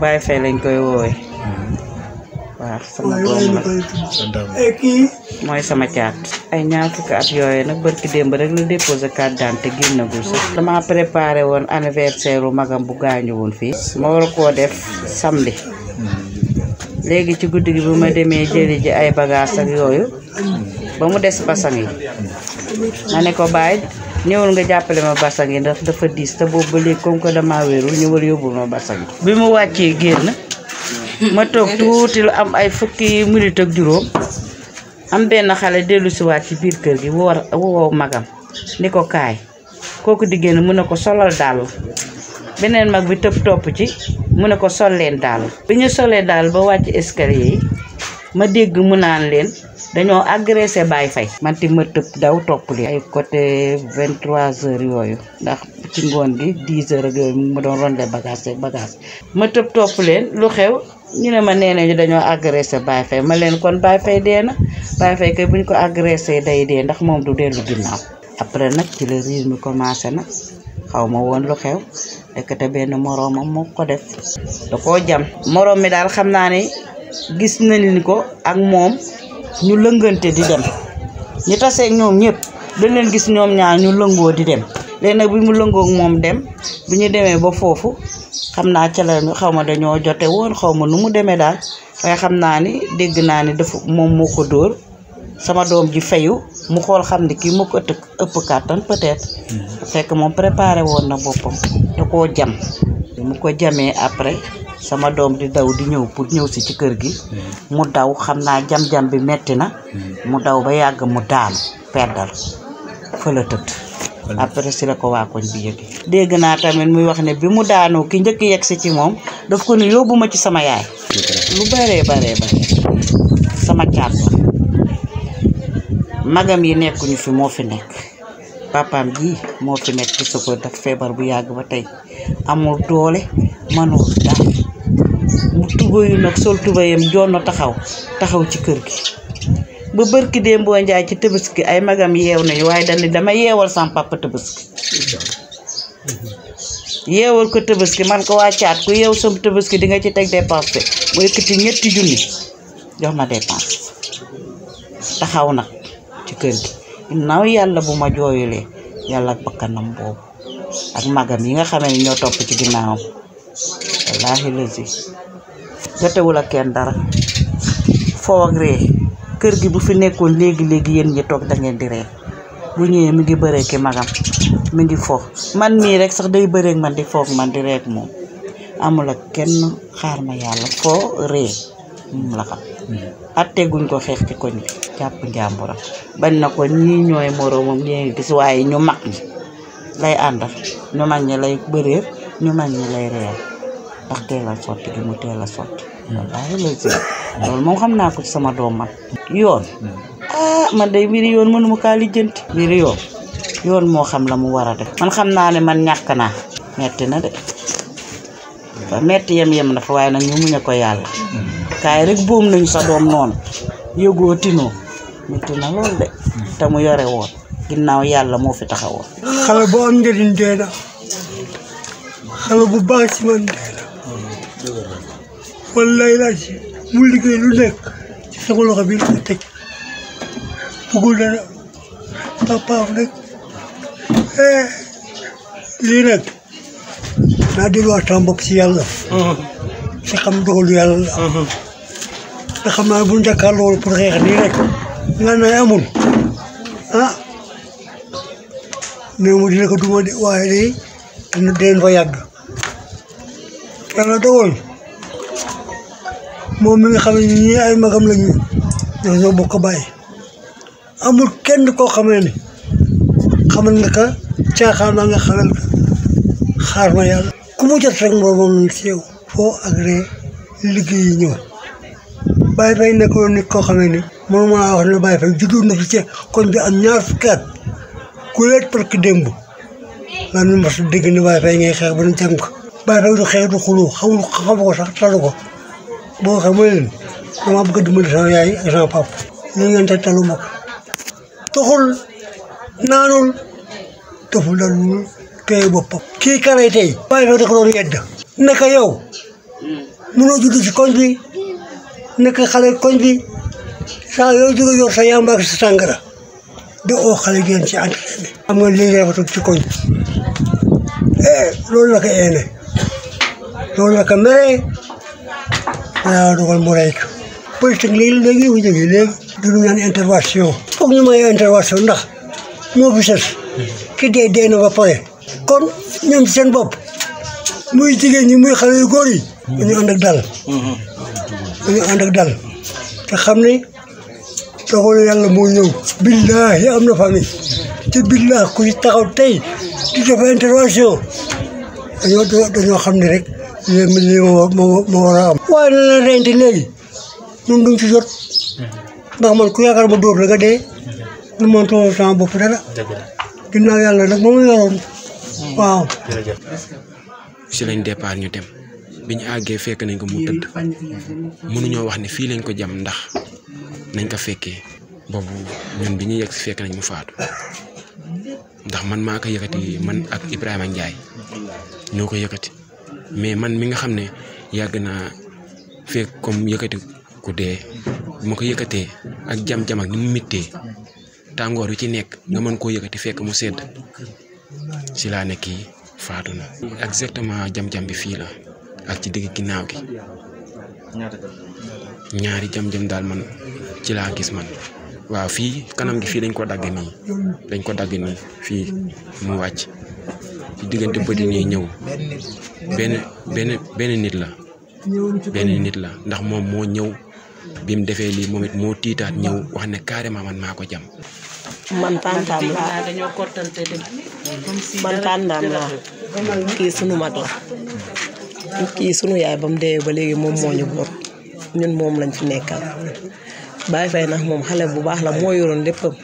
Baye Faye lañ koy woowee mooy sama caat ay ñaar fukki at yooyu nag barki démb rek la déposé carte d'identité na sax dama préparé woon anniversaire u magam bu gaañu woon fii ma war koo def samedi léegi ci guddi gi bu ma demee jëli ji ay bagaas ak yooyu ba mu des basang yi ma ne ñëwal nga jàppale ma basang yi ndax dafa diis te boobu ba léegi comme que damaa wéerul ñëwal yóbbul ma basang yi bi mu wàccee génn ma toog tuuti lu am ay fukki minute ak juróom am benn xale dellu siwaat ci biir kër gi war woow magam ni ko kaay kooku di génn mu ne ko solal dàll beneen mag bi tëb topp ci mu ne ko sol leen daal bi ñu solee daal ba wàcc escalier yi ma dégg mu naan leen dañoo agressé Baye Faye man ti ma tëb daw topp li ay vingt trois heures yooyu ndax ci ngoon gi dix heures ak yooyu mu doon rondé bagage ak bagage ma tëb topp leen lu xew ñu ne ma nee nañu dañoo agressé Baye Faye ma leen kon Baye Faye dee na Baye Faye kay buñ ko agressé day dee ndax moom du dellu ginnaaw après nag ci la riir mi commencé na xaw ma woon lu xew ndekete benn moroomam moo ko def da koo jam moroom mi daal xam naa ne gis nañ ni ko ak moom ñu lëngante di dem ñu taseeg ñoom ñëpp dañ gis ñoom ñaar ñu lëngoo di dem léegi nag bi mu lëngoog moom dem bu ñu demee ba foofu xam naa ca la xaw ma dañoo jote woon xaw ma nu mu demee daal waaye xam naa ni dégg naa ni dafa moom moo ko dóor sama doom ji fayu mu xool xam ni kii moo ko ëtt ëpp kàttan peut-être mm-hmm. fekk moom préparé woon na boppam da koo jam mu ko jamee après sama doom di daw di ñëw pour ñëw si ci kër gi mu daw xam naa jam-jam bi metti na mu daw ba yàgg mu daanu peddal fa la tëdd après la ko waa koñ bi yëgi dégg naa tamit muy wax ne bi mu daanoo ki njëkk yegg si ci moom daf ko ne yóbbu ma ci sama yaay lu bëree bëree bëri sama caat la magam yi nekkuñu fi moo fi nekk papaam ji moo fi nekk gis ko daf feebar bu yàgg ba tey amul doole mënul daal tubayu nag sol tubayam jonn taxaw taxaw ci kër gi ba bërki dee mboo njaay ci tëbaski ay magam yeew nañu waaye dañu dama yeewal sama papa tëbaski yeewal ko tëbaski man ko wàccaat ku yeew sam tëbaski di nga ci teg dépense mu yëkkati ñetti junni jox ma dépense taxaw nag ci kër gi naaw yàlla bu ma jooyulee yàlla ak bakkanam boobu ak magam yi nga xam ne ñoo topp ci ginnaawam wallaahi lazi jotewul ak kenn dara foo ree kër gi bu fi nekkoon léegi léegi yéen ñi toog da ngeen di ree bu ñëwee mi ngi baree ki magam mi ngi foo man mii rek sax day bëree man di foog man di reek moom amula kenn xaar ma yàlla foo ree moom la xam atte ko xeex ci koñ jàpp njàmburam bañ na ko ñii ñooy moroomam ñi ngi gis waaye ñu mag ñi lay àndal ñu mag ñi lay bëréer ñu mag ñi lay reer pakai teel a sotti gi mu teel a sotti hmm. loolu laa remercié loolu sama domat, yon, hmm. ah man miri mbiri yoon mënuma kaa lijjanti mbiri yoon yoon moo xam la mu war a def man xam naa ne man ñàkk naa metti na de na fa waaye nag hmm. rek boom nañu sa doom noonu yëgoo tinoo metti na lool de te mu yore woon ginnaaw yàlla moo fi taxawoon xale bu am njëriñ dee na bu baax ci man dee wallaay laa si mu liggéey lu nekk ci sama loxo bi dara eh lii nag naa delluwaat sama bopp si yàlla. si xam dogalu yàlla la. te xam naa bu ñu pour rek nga amul ah mais mu dina ko duma de waaye de dina fa yàgg moom mi nga xam ne ñii ay magam la ñu ñoo bokk bàyyi amul kenn koo xamee ne xamal nga ka caaxaan naa nga xamal ka xaar ma yàlla ku mu jot rek moom la ci yow foo agré liggéey yi ñëw Baye Faye nekkoon nit koo xamee ne moom maa wax ne Baye Faye juddu na fi ci kon bi am ñaar fukki at ku leet parce que démb laa nu mas dégg ne Baye Faye ngay xeex ba nu jàng ko Baye Faye du xeex du xuloo xamul xamu ko sax talu ko boo xam ne leen dama bëgg a dimbali sama yaay ak sama papa. li talu ma ko. toxul naanul deful la lu tey boppam. kii karay tey. waaye nag da ko doon yedd. naka yow mënoo judd ci koñ bi naka xale koñ bi saa yoo yor sa yamba ak sa sàngara da oo xale ngeen ci entraîné bi. am nga ci koñ bi eh, loolu la ko eenee loolu la ko meree. dogal murai politique léegi léegi bu jógee léegi duñu naan intervention foog ñu may intervention ndax moo fi sës ki dee dee na ba pare kon ñoom ci seen bopp muy jigéen ñi muy xale yu góor dal dañu andak dal te xam ne dogalu yàlla moo ñëw billaahi am na famille te billaahi ku ci taxaw tey di def intervention dañoo dañoo xam ne rek li ma li ma ma war a am. la reyante léegi ñun duñ ci jot ndax man ku yaakaar ma dóor la nga dee ñu hmm. mënatoo sama bopp dara ginnaaw yàlla nag moom la yoroon hmm. waaw. si lañ départ ñu dem fekk nañ ko mu tëdd mënuñoo wax ne fii lañ ko jam ndax nañ ko fekkee ñun fekk nañ mu faatu ndax man maa ko man ak Ibrahima mais man mi nga xam ne yàgg naa fekk comme yëkkati ku dee bu ma ko yëkkatee ak jam-jam ak ni mu méttee tàngoor wi ci nekk nga mën koo yëkkati fekk mu sedd ci laa nekk kii faatu na. exactement jam-jam bi fii la ak ci digg ginnaaw gi ñaari jam-jam daal man ci laa gis man. waaw fii kanam gi fii dañ ko dagg nii dañ ko dagg nii fii mu wàcc. ci diggante bët yi ñuy ñëw benn benn benn nit la benn nit la ndax moom moo ñëw bi mu defee lii moom it moo tiitaat ñëw wax ne carrément man maa ko jam man tàntaam laa man tàntaam la, kii sunu mag la kii sunu yaay ba mu deewee ba léegi moom moo ñu bor ñun moom lañ fi nekkal Baye Faye nag moom xale bu baax la moo yoroon léppam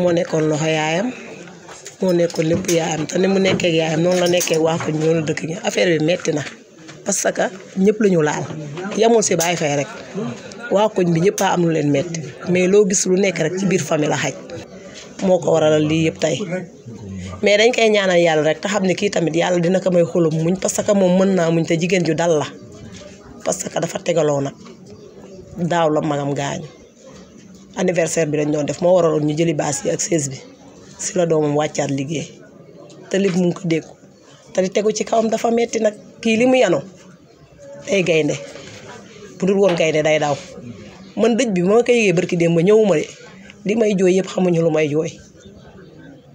moo nekkoon loxo yaayam mo nekkoon lepp yaayam te ni mu nekkee yaayam non la nekkee waa ko ñoo dëkk ñi affaire bi metti na parce que ñepp lañu laal yamul ci Baye Faye rek waa koñ bi ñepp am lu leen metti mais lo gis lu nekk rek ci biir famille la xaj moko waral li lii yëpp tey mais dañ kay ñaanal yalla rek ta xamni ki tamit yalla dina ko may xolum muñ parce que mom mën naa muñ te jigen ju dal la parce que dafa tegaloo nag daaw la magam gaañu anniversaire bi dañ doon def mo waral ñu jëli bass yi ak 16 bi si la doomam wàccaat liggéey te li mu ngi ko dégg te li tegu ci kawam dafa metti nag kii li mu yanu ay gaynde bu dul woon gaynde day daw man dëj bi ma koy yëgee barki démb ba ñëwuma de li may jooy yëpp xamuñu lu may jooy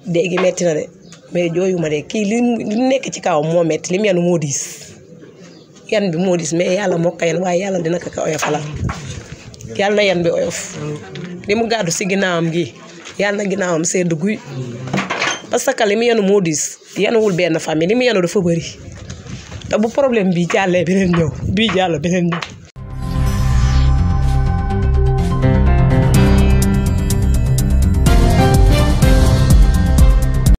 déegi metti na de mais jooyuma de kii li nekk ci kawam moo metti li mu yanu moo diis yan bi moo diis mais yàlla moo ko waaye yàlla dina ko ko oyofalal yàlla yan bi oyof li mu gàddu si ginnaawam gi yàlla na ginnaawam sedd guy parce que mu yenu moo diis yenuwul benn famille li mu yenu dafa bëri te bu problème bi jàllee beneen ñëw bii jàll beneen ñëw